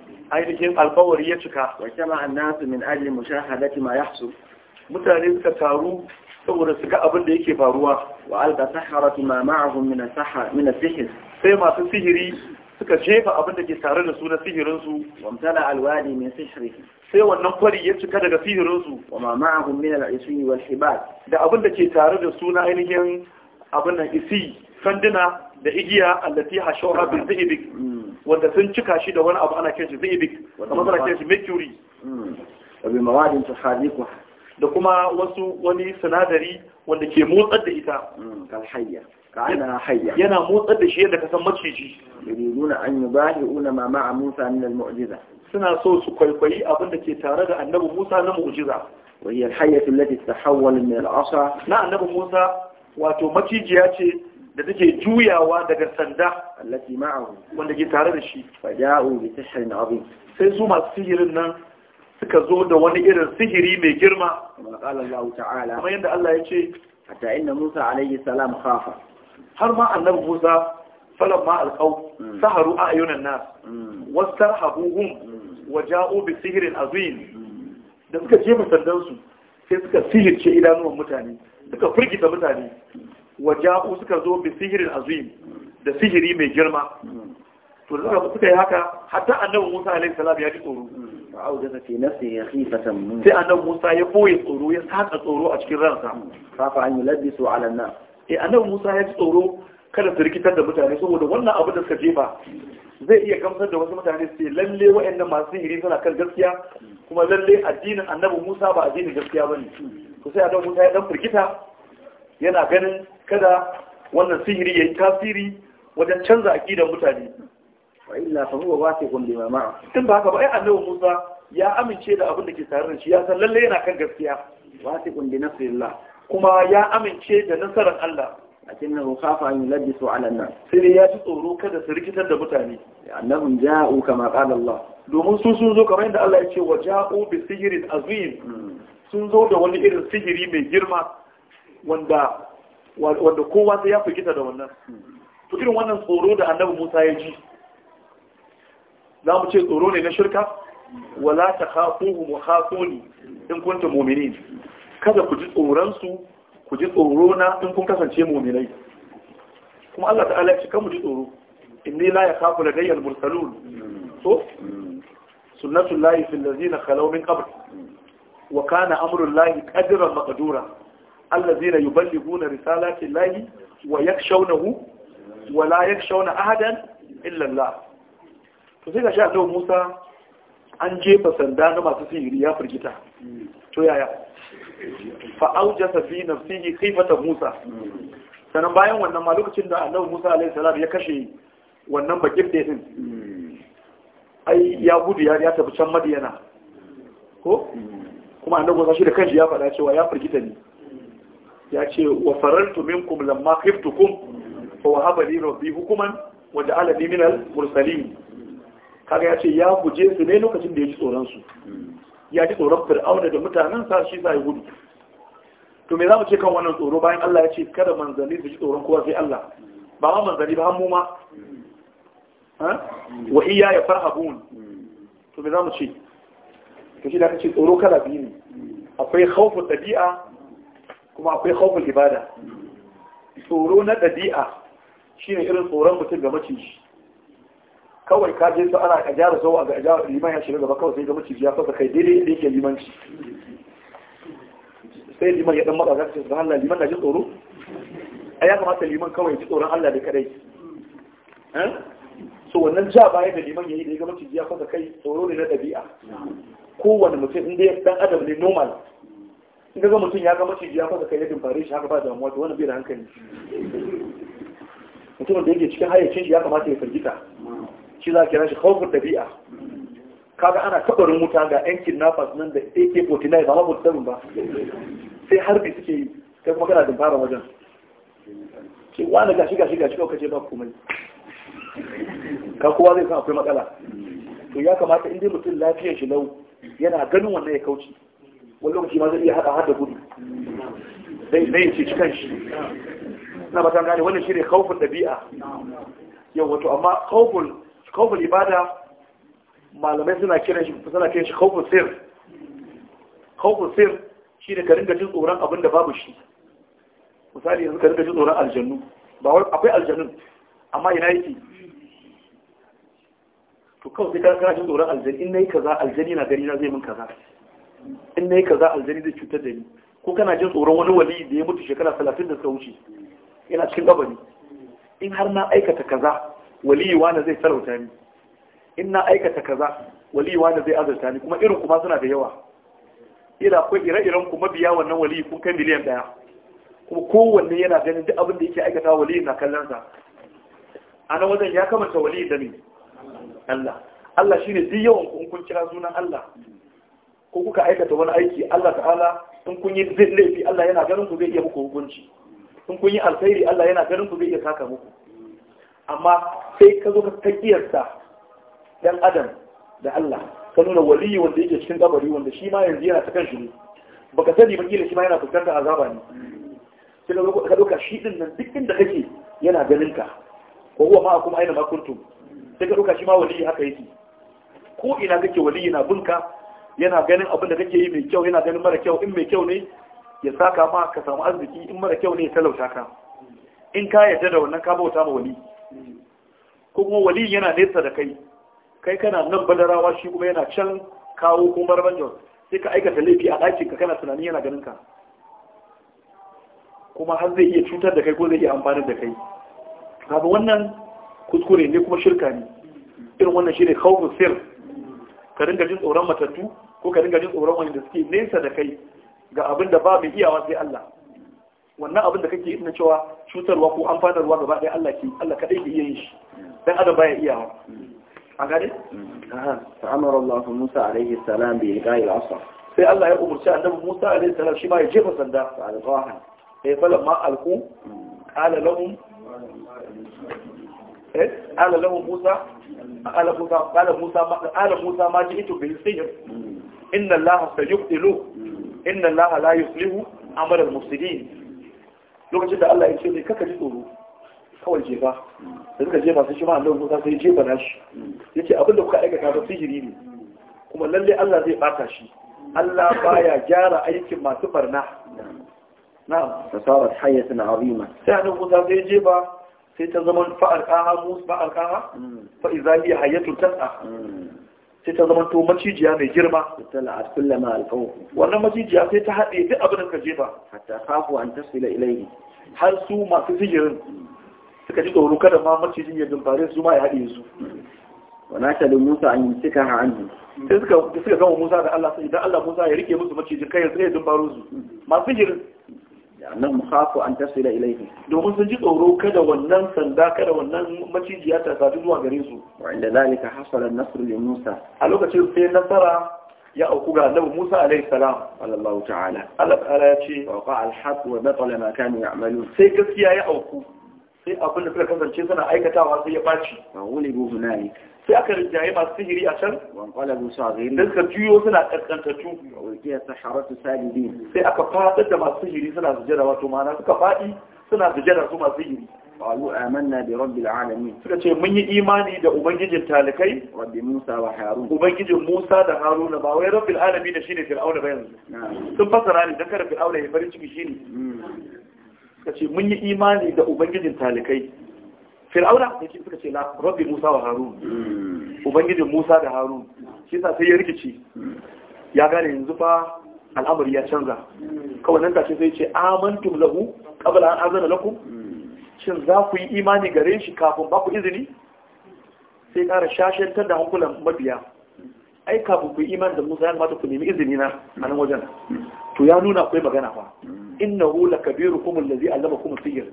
ainihin alkawari ya cika wa jama'a nasu min ajli mushahadati ma yahsu mutane suka taru saboda su ga abin da yake faruwa wa alqa saharatu ma ma'ahum min as-sahar min as-sihr sai masu sihiri suka jefa abin da ke tare da su na sihirin su wamtala alwadi min sai wannan kwari ya cika daga sihirin su wa ma ma'ahum min al-isyi wal hibal da abin da ke tare da su na ainihin abin da isi sanduna da igiya allati hashawha bil dhibik wanda sun cika shi da wani abu ana kiran shi zibik kamar suna kiran shi mercury hmm. wabi mawadin ta hadiku da kuma wasu wani sinadari wanda ke motsar da ita hmm, kan hayya kana hayya yana motsar da shi yadda ka san maciji yuriduna an yubahi'una ma ma'a Musa min al-mu'jiza suna so su kwaikwayi abin da ke tare da annabi Musa na mu'jiza وهي الحية التي تتحول من العصا na annabi Musa wato macijiya ce da take juyawa daga sanda allati ma'ahu wanda ke tare da shi fada'u bi azim sai su masu sihirin nan suka zo da wani irin sihiri mai girma kamar qala Allah ta'ala kamar yadda Allah ya ce hatta inna Musa alayhi salam khafa har ma annabi Musa فلما القوا hmm. ayunan اعين الناس واسترهبوهم وجاءوا بسحر عظيم da suka je musandan su sai suka sihirce idanuwan mutane suka firgita mutane waja'u suka zo bi sihirin azim da sihiri mai girma to da suka yi haka hatta annabi Musa alaihi salam ya ji tsoro fa'audata fi nafsihi khifatan min sai annabi Musa ya boye tsoro ya saka tsoro a cikin ransa fa an yulabbisu ala an-nas eh annabi Musa ya ji tsoro kada su rikitar da mutane saboda wannan abu da suka jefa zai iya gamsar da wasu mutane su lalle waɗannan masu sihiri suna kan gaskiya kuma lalle addinin annabi Musa ba addinin gaskiya bane to sai annabi Musa ya dan firgita yana ganin kada wannan sihiri ya yi tasiri wajen canza aƙidar mutane tun ba haka ba ai annabi Musa ya amince da abin da ke tare da shi ya san lalle yana kan gaskiya wasiqun bi nasrillah kuma ya amince da nasarar Allah lakinnahu khafa an yulabbisu ala an sai ya ci tsoro kada su rikitar da mutane annahum ja'u kama qala Allah domin su sun zo kamar yadda Allah ya ce wa ja'u bi sihirin azim hmm. sun zo da wani irin sihiri mai girma wanda wanda kowa sai ya fikita da wannan to irin wannan tsoro da annabi Musa ya ji za mu ce tsoro ne na shirka wala ta khafuhu mukhafuni in kuntum mu'minin kada ku ji tsoron su ku ji tsoro na in kun kasance mu'minai kuma Allah ta'ala ya ce kan mu ji tsoro inni la yakhafu ladayya al-mursalun so sunnatul fil ladina khalaw min qabl wa kana amru llahi maqdura allazina yuballighuna risalati llahi wa yakshawnahu wa la Shauna, ahadan illa Allah to sai ga sha Allah Musa an jefa sanda na masu sihiri ya firgita to yaya fa aujasa fi nafsihi khifatan Musa sanan bayan wannan ma lokacin da annabi Musa alaihi salam ya kashe wannan bakin da din ai ya gudu ya tafi can Madiyana ko kuma annabi Musa shi da kanshi ya faɗa cewa ya firgita ne ya ce wa farantu minkum lamma khiftukum fa wahaba li rabbi hukuman wa ja'ala li minal mursalin kaga ya ce ya guje su ne lokacin da ya ji tsoron su ya ji tsoron fir'auna da mutanen sa shi sai gudu to me zamu ce kan wannan tsoro bayan Allah ya ce kada manzali su ji tsoron kowa sai Allah ba ma manzali ba mu ma ha wa iya ya farhabun to me zamu ce kashi da kace tsoro kala biyu ne akwai khawfu tabi'a kuma akwai haukul ibada tsoro na ɗabi'a shi ne irin tsoron mutum ga maciji kawai ka je su ana a gyara zuwa ga ajiyar liman ya shiga gaba kawai sai ga maciji ya fasa kai daidai da yake limanci sai liman ya dan matsa zaka ce subhanallah liman na ji tsoro a ya kamata liman kawai ji tsoron Allah da kadai eh? so wannan ja baya da liman yayi da ya ga maciji ya fasa kai tsoro ne na ɗabi'a kowane mutum inda ya dan adam ne normal in zama mutum ya ga maciji ya fasa kai ya dumfare shi haka ba damuwa to wannan bai da hankali mutumin da yake cikin hayyacin shi ya kamata ya firgita shi za a kira shi khawfur dabi'a kaga ana kabarin wuta ga yan kidnappers nan da AK49 ba ma mutum ba sai harbi suke yi kai kuma kana dumfara wajen ce wani gashi gashi gashi kawai kace ba komai ka kowa zai san akwai matsala to ya kamata in dai mutum lafiyar shi lau yana ganin wannan ya kauce wani lokaci ma zai iya haɗa har da gudu zai yi cikin shi na batan gane wannan shi ne kaufin ɗabi'a yau wato amma kaufin ibada malamai suna kiran shi suna kiran shi kaufin sir kaufin sir shi ne ka ringa jin tsoron abin da babu shi misali yanzu ka ringa jin tsoron aljannu ba wai akwai aljannun amma ina yake to kawai sai ka kana jin tsoron aljanni in nayi kaza aljanni na gani na zai min kaza in na yi kaza aljani zai cutar da ni ko kana jin tsoron wani wali da ya mutu shekara talatin da suka wuce yana cikin kabari in har na aikata kaza waliyi wani zai sarauta ni in na aikata kaza waliyi wani zai azurta ni kuma irin kuma suna da yawa ira akwai ire-iren kuma biya wannan waliyi kun kai miliyan daya kuma kowanne yana ganin duk abin da yake aikata waliyi na kallon sa a nan wajen ya kamata waliyi da ni Allah Allah shine duk yawan kun kira sunan Allah ko kuka aikata wani aiki Allah ta'ala in kun yi laifi Allah yana ganin ku zai iya muku hukunci in kun yi alkhairi Allah yana ganin ku zai iya saka muku amma sai ka zo ka kiyarta dan adam da Allah ka nuna waliyi wanda yake cikin kabari wanda shi ma yanzu yana ta kan shi ne baka sani ba kila shi ma yana fuskantar azaba ne sai ka ɗauka shi ɗin nan duk inda kake yana ganin ka ko huwa ma a kuma aina ma sai ka ɗauka shi ma waliyi haka yake ko ina kake waliyi na bunka? yana ganin abin da kake yi mai kyau yana ganin mara kyau in mai kyau ne ya saka ma ka samu arziki in mara kyau ne ya talauta ka in ka yarda da wannan ka bauta ma wali ko kuma wali yana nesa da kai kai kana nan badarawa shi kuma yana can kawo ko marbanjo sai ka aikata laifi a ɗakin ka kana tunani yana ganin ka kuma har zai iya cutar da kai ko zai iya amfani da kai kaga wannan kuskure ne kuma shirka ne irin wannan shi ne kawo sirr ka dinga jin tsoron matattu ko ka dinga jin tsoron da suke nesa da kai ga abin da ba mai iyawa sai Allah wannan abin da kake yi na cewa cutarwa ko amfanarwa gaba ɗaya Allah ke Allah kaɗai ke iya yin shi dan adam baya iyawa an gane mm. amara Allah Musa alaihi salam bi ilqa'il asr sai Allah ya umurci annabi Musa alaihi salam shi ma ya jefa sanda a alqaha sai eh, falamma alqu mm. qala lahum eh ala lahu musa ala musa ala musa ala musa ma ji'tu bihi sihr inna allaha sayubtilu inna allaha la yuslihu amara al-mufsidin lokacin da Allah ya ce ne kaka ji tsoro kawai jefa da suka jefa sai shi ma annabi Musa sai jefa nashi yace abin da kuka aikata ba sihiri ne kuma lalle Allah zai bata shi Allah baya gyara aikin masu barna na'am fasarat hayatan azima sai annabi Musa sai jefa sai ta zama fa'alƙaha musu fa'alƙaha mm. fa'iza iya hayyatu tasa mm. sai ta zama to macijiya mai girma wannan macijiya sai ta haɗe duk abin da ka jefa hatta kafu an tasila ilaihi har su masu sihirin suka ji tsoro kada ma macijin ya dumfare su ma ya haɗe su wana ta da musa an yi ha hannu sai suka gama musa da allah sai idan allah musa ya rike musu macijin kai sai ya dumfaro su masu sihirin annahum khafu an tasila ilayhi domin sun ji tsoro kada wannan sanda kada wannan macijiya ta sadu zuwa gare su wa inda zalika hasala an-nasr li Musa a lokacin sai nasara ya auku ga annabi Musa alayhi salam Allah ta'ala Allah ta'ala ya ce wa qa al-haq wa batala ma kanu ya'malun sai gaskiya ya auku sai abin da suka kasance suna aikatawa sai ya baci wa wulibu hunalik sai aka rinjaye masu sihiri a can da suka juyo suna ƙasƙantattu sai aka faɗar da masu sihiri suna sujada wato mana suka faɗi suna sujada su masu sihiri قالوا آمنا برب العالمين suka ce mun yi imani da ubangijin talikai rabbi Musa wa Harun ubangijin Musa da Haruna ba wai rabbil alamin da shine Fir'auna ba yanzu sun fasara ne dan kada Fir'auna ya farin ciki shine hmm. suka ce mun yi imani da ubangijin talikai fir'auna yake suka ce na rabbi musa wa harun hmm. ubangijin musa da harun shi yasa sai ya rikici. Hmm. ya gane yanzu fa al'amari ya canza hmm. kawai nan tashi sai ce amantum lahu qabla an azana lakum shin za ku yi imani gare shi kafin ba ku izini sai kara shashantar da hankulan mabiya ai kafin ku yi imani da musa ya mata ku nemi izini na a nan wajen to ya nuna akwai magana fa Kabiru, lakabirukum allazi allama kuma sihir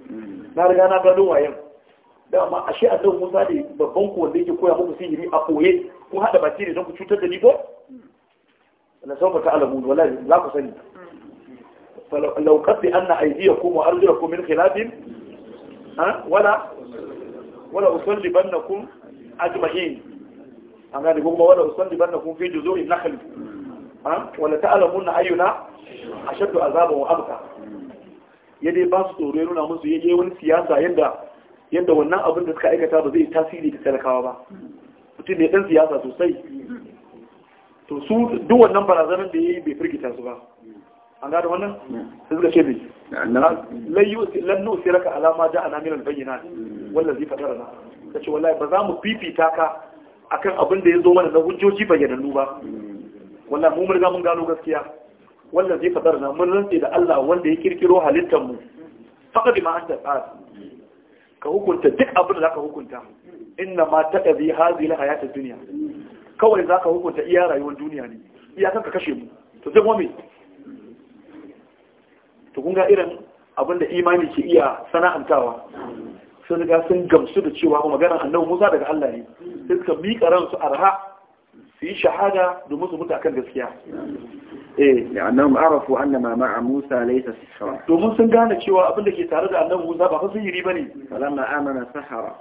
na riga na gano wayan da ma ashe a san musa da babban kowar da yake koya muku sihiri a koye ko haɗa baki ne don ku cutar da ni ko? na sauka ba ta alamu wallahi za ku sani laukar da an na aidiya ko mu arzura ko min khilafin wala wala usul liban na kun ajma'in an gani kuma wala usul liban kun fi juzo in nakali wala ta alamu na ayyuna a shaɗu azabin wa abuka ya dai ba su tsoro ya nuna musu ya je wani siyasa yadda yadda wannan abin da suka aikata ba zai tasiri da talakawa ba mutum ne ɗan siyasa sosai to su duk wannan barazanar da ya yi bai firgita su ba an gada wannan su suka ce bai Lannu sai raka alama da a min bayyana wanda zai fadara na ta ce wallahi ba za mu fifita ka akan abin da ya zo mana na hujjoji bayyanannu ba wallahi mu riga mun gano gaskiya wanda zai fadara na mun rantse da Allah wanda ya kirkiro halittar mu faqad ma anta qad ka hukunta duk abin da zaka hukunta inna ma taqdi hadhihi alhayat ad-dunya kawai zaka hukunta iya rayuwar duniya ne iya kanka kashe mu to sai kuma to kun ga irin abin da imani ke iya sana'antawa sun ga sun gamsu da cewa maganar annabi Musa daga Allah ne sai suka miƙa ransu arha su yi shahada domin su mutu akan gaskiya eh da annahum arafu annama ma'a Musa laysa sihra domin sun gane cewa abin da ke tare da annabi Musa ba fa sihiri bane falamma amana sahara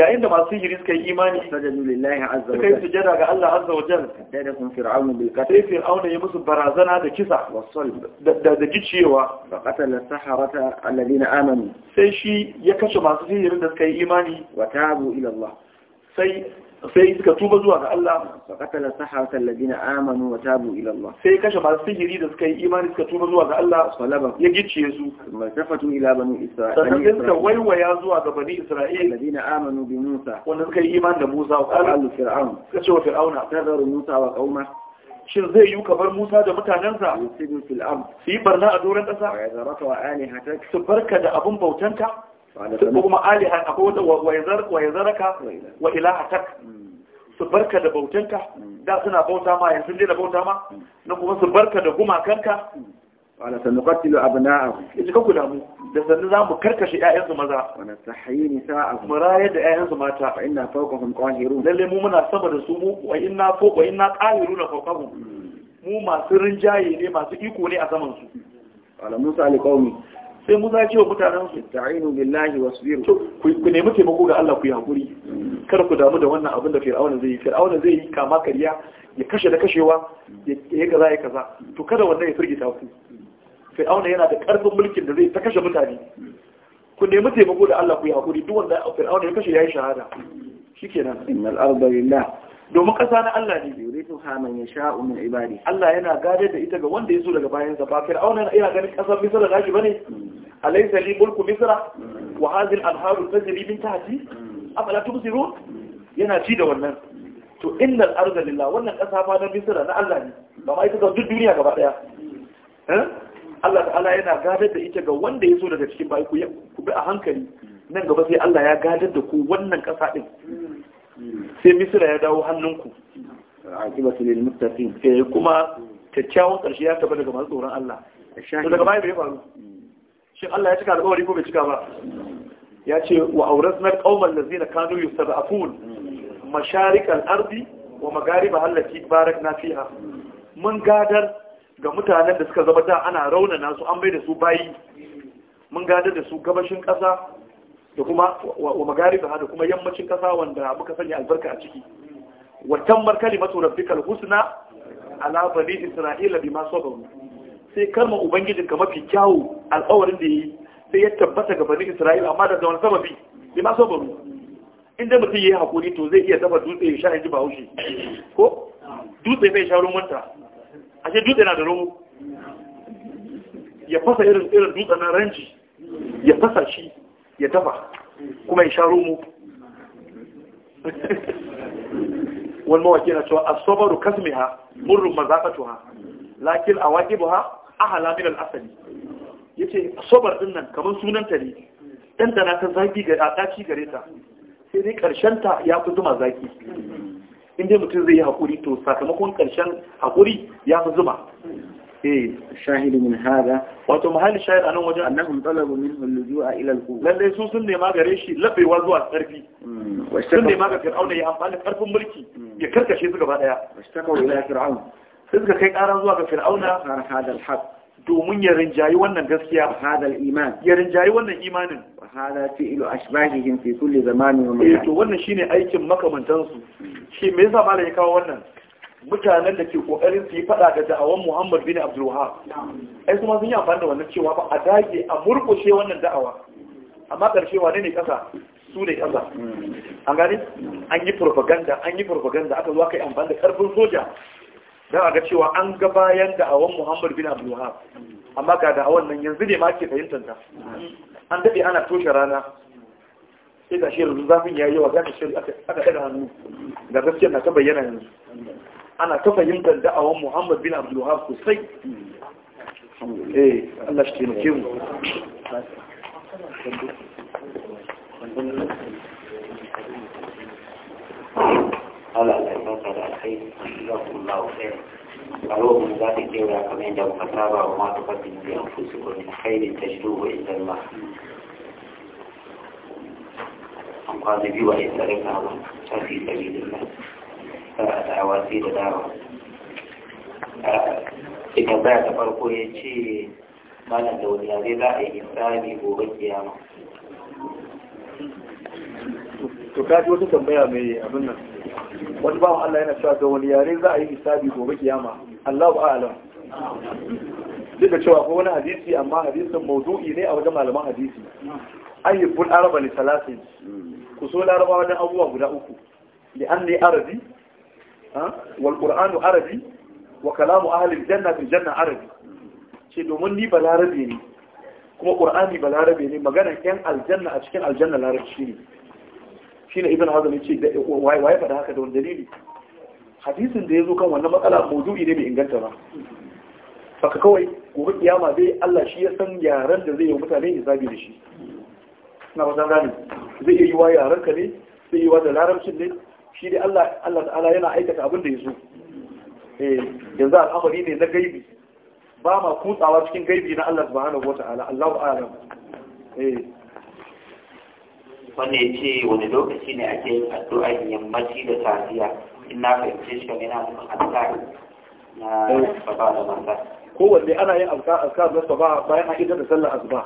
yayin da masu sihiri suka yi imani sajadu lillahi azza wa jalla sujada ga Allah azza wa jalla tadakun fir'aun bil qatl sai fir'aun ya musu barazana da kisa wasal da da gicewa fa qatala saharata alladhina amanu sai shi ya kashe masu sihirin da suka yi imani wa tabu ila Allah sai sai suka tuba zuwa ga Allah fa qatala saharata alladina amanu wa tabu ila Allah sai kashe masu sihiri da suka yi imani suka tuba zuwa ga Allah salaba ya gicciye su masafatu ila bani isra'ila sannan suka waiwaya zuwa ga bani isra'ila alladina amanu bi musa Wannan suka yi imani da musa wa qala fir'aun suka ce wa fir'auna tadaru musa wa qauma shin zai yi kamar Musa da mutanensa su yi barna a doron ƙasa su barka da abin bautanka ko kuma alihan akwai wata wa yazaraka wa ilahatak su barka da bautanka da suna bauta ma yanzu dai da bauta ma na kuma su barka da gumakanka wala qatilu abna'ahu idan ku damu da sanu za mu karkashe su maza wala tahyi nisa'ahum muraya da da su mata fa inna fawqahum qahirun lalle mu muna sama da su mu wa inna fawqa wa inna qahirun fawqahum hmm. mu masu rinjaye ne masu iko ne a saman su wala musa alqawmi sai musa ya ce wa mutanen su ta'inu billahi wasbir ku nemi taimako ga Allah ku yi hakuri kar ku damu da wannan abin da fir'auna zai yi fir'auna zai yi kama kariya ya kashe da kashewa ya kaza ya kaza to kada wannan ya firgita ku fir'auna yana da karfin mulkin da zai ta kashe mutane ku nemi taimako da Allah ku yi hakuri duk wanda fir'auna ya kashe ya yi shahada shikenan innal arda lillah domin ƙasa na Allah ne yuritu haman ya sha'u min ibadi Allah yana gadar da ita ga wanda yaso daga bayan sa ba fir'auna yana ganin ƙasar Misra da shi bane alaysa li mulku Misra wa hadhihi al-anharu tajri min tahti afala tubsiru yana ci da wannan to innal arda lillah wannan ƙasa fa na Misra na Allah ne ba ma ita ga duk duniya gaba daya eh? Allah ta'ala yana gadar da ita ga wanda yaso daga cikin bayi ku bi a hankali nan gaba sai Allah ya gadar da ku wannan ƙasa din sai misira ya dawo hannunku eh, kuma kyakkyawan karshe ya taba daga masu tsoron Allah to daga baya bai faru shin Allah ya cika alƙawari ko bai cika ba ya ce wa auras auratna da zina kanu yustad'afun masharik al-ardi wa magariba barak na fiha mun gadar ga mutanen da suka zama da ana raunana su an bai da su bayi mun gadar da su gabashin ƙasa da kuma wa Magari da kuma yammacin kasa wanda muka sanya albarka a ciki wa markali kalimatu rabbikal husna ala bani isra'ila bima sabaru sai kalma ubangijin ka mafi kyawu alƙawarin da yayi sai ya tabbata ga bani isra'ila amma da zaman sababi bima sabaru inda mutum yayi hakuri to zai iya dafa dutse ya sha inji ba haushi ko dutse bai sha rumunta ashe dutse na da ruwa? ya fasa irin irin dutsen ranji. ya fasa shi ya dafa kuma ya sha romo wani mawaki na cewa asobaru kasmiha murrun mazaƙatuha lakin a ha a halamin asali. ya ce sobar din nan kamar sunanta ne na ta zaƙi ga ɗaci gare ta sai dai ƙarshenta ya fi zuma zaƙi inda mutum zai yi haƙuri to sakamakon ƙarshen haƙuri ya fi zuma shahidu min hada wato mahalli shahid anan wajen annahum talabu minhu al-lujua ila al-qur'an lalle su sun nema gare shi labewa zuwa sarki sun nema ga fir'auna ya amfani karfin mulki ya karkashe su gaba daya washtaka ila fir'aun sai suka kai karan zuwa ga fir'auna hada al-haq domin ya rinjayi wannan gaskiya hada al-iman ya rinjayi wannan imanin hada fi'lu ashbahihim fi kulli zamanin wa makan to wannan shine aikin makamantansu shi me yasa malai ya kawo wannan mutanen da ke kokarin su yi fada da da'awar Muhammad bin Abdul Wahab ai kuma sun yi amfani da wannan cewa ba a dage a murkushe wannan da'awa amma karshe wane ne kasa su ne kasa an gane an yi propaganda an yi propaganda aka zo aka yi amfani da karfin soja don a ga cewa an ga bayan da'awan Muhammad bin Abdul Wahab amma ga da'awar nan yanzu ne ma ke fahimtar ta an dade ana toshe rana sai ga shi yanzu zafin yayi yawa zaka shirya aka daga hannu ga gaskiya na ta bayyana yanzu ana ta fahimtar da'awan muhammad bin abdullahab sosai eh allah shi taimake mu Allah ya sauka da Allah da'awa sai da dama ita baya ta farko ya ce malam da wani yare za a yi hisabi gobe kiyama to kaji wata tambaya mai abin nan wani bawan Allah yana cewa ga wani yare za a yi hisabi gobe kiyama Allahu a'lam duk da cewa ko wani hadisi amma hadisin mawdu'i ne a wajen malaman hadisi ayyubul araba li salasin ku so larabawa dan abubuwa guda uku li anni arabi wal عربي arabi wa kalamu في janna عربي janna arabi ce domin ni balarabe ne kuma ني balarabe ne maganar yan aljanna a cikin aljanna larabci ne ني ibn hazm yace wai wai واي haka da wani dalili hadisin da yazo kan wannan matsala mawdu'i ne bai inganta ba saka kawai gobe kiyama zai Allah shi ya san yaran da zai yi mutane hisabi da shi na ba gani zai iya yi wa yaran ne zai yi wa da larabcin ne shi dai Allah Allah ta'ala yana aikata abin da ya zo eh yanzu al'amari ne na gaibi ba ma kutsawa cikin gaibi na Allah subhanahu wata'ala Allahu a'lam eh wanda ya ce wani lokaci ne ake yin addu'ar yammaci da safiya in na fahimce shi kamar yana nufin azkar na baba eh. da mata kowanne ana yin azkar na saba bayan an idar da sallar asuba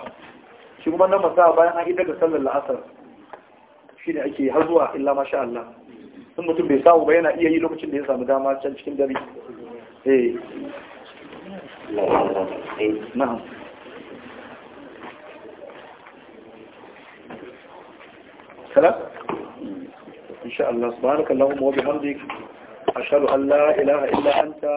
shi kuma na masa bayan an idar da sallar la'asar shi ne ake har zuwa illa masha Allah sun mutum bai samu ba yana iya yi lokacin da ya samu dama can cikin dare eh na'am kala insha Allah ilaha illa anta